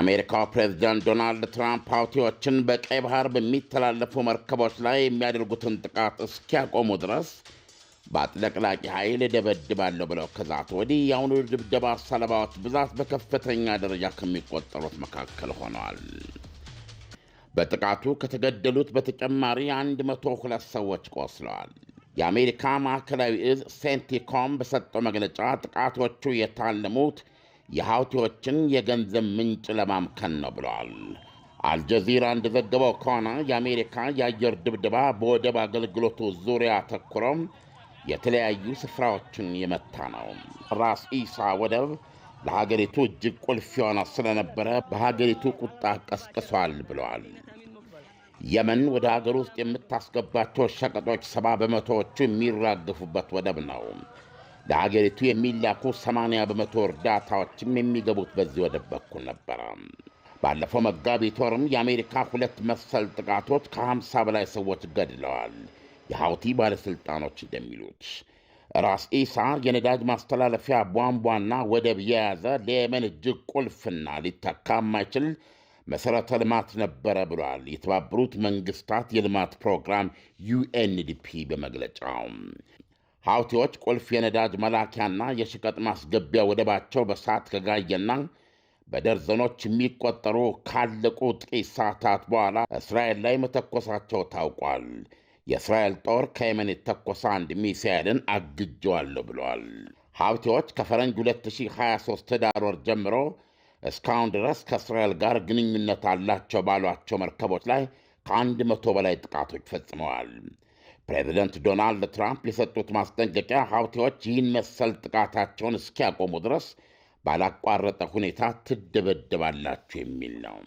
አሜሪካው ፕሬዝዳንት ዶናልድ ትራምፕ ሀውቲዎችን በቀይ ባህር በሚተላለፉ መርከቦች ላይ የሚያደርጉትን ጥቃት እስኪያቆሙ ድረስ በአጥለቅላቂ ኃይል እደበድባለሁ ብለው ከዛት ወዲህ የአሁኑ ድብደባ ሰለባዎች ብዛት በከፍተኛ ደረጃ ከሚቆጠሩት መካከል ሆነዋል። በጥቃቱ ከተገደሉት በተጨማሪ 102 ሰዎች ቆስለዋል። የአሜሪካ ማዕከላዊ እዝ ሴንቲኮም በሰጠው መግለጫ ጥቃቶቹ የታለሙት የሐውቲዎችን የገንዘብ ምንጭ ለማምከን ነው ብለዋል። አልጀዚራ እንደዘገበው ከሆነ የአሜሪካ የአየር ድብድባ በወደብ አገልግሎቱ ዙሪያ አተኩሮም የተለያዩ ስፍራዎችን የመታ ነው። ራስ ኢሳ ወደብ ለሀገሪቱ እጅግ ቁልፍ የሆነ ስለነበረ በሀገሪቱ ቁጣ ቀስቅሷል ብለዋል። የመን ወደ ሀገር ውስጥ የምታስገባቸው ሸቀጦች ሰባ በመቶዎቹ የሚራገፉበት ወደብ ነው። ለአገሪቱ የሚላኩ 80 በመቶ እርዳታዎችም የሚገቡት በዚህ ወደብ በኩል ነበረ። ባለፈው መጋቢት ወርም የአሜሪካ ሁለት መሰል ጥቃቶች ከ50 በላይ ሰዎች ገድለዋል። የሐውቲ ባለሥልጣኖች እንደሚሉት ራስ ኢሳ የነዳጅ ማስተላለፊያ ቧንቧና ወደብ የያዘ ለየመን እጅግ ቁልፍና ሊተካ የማይችል መሠረተ ልማት ነበረ ብሏል የተባበሩት መንግሥታት የልማት ፕሮግራም ዩኤንዲፒ በመግለጫው። ሐውቲዎች ቁልፍ የነዳጅ መላኪያና የሽቀጥ ማስገቢያ ወደባቸው በሰዓት ከጋየና በደርዘኖች የሚቆጠሩ ካለቁ ጥቂት ሰዓታት በኋላ እስራኤል ላይ መተኮሳቸው ታውቋል። የእስራኤል ጦር ከየመን የተኮሰ አንድ ሚሳኤልን አግጀዋለሁ ብለዋል። ሐውቲዎች ከፈረንጅ 2023 ኅዳር ወር ጀምሮ እስካሁን ድረስ ከእስራኤል ጋር ግንኙነት አላቸው ባሏቸው መርከቦች ላይ ከአንድ መቶ በላይ ጥቃቶች ፈጽመዋል። ፕሬዚደንት ዶናልድ ትራምፕ የሰጡት ማስጠንቀቂያ ሀውቲዎች ይህን መሰል ጥቃታቸውን እስኪያቆሙ ድረስ ባላቋረጠ ሁኔታ ትደበደባላችሁ የሚል ነው።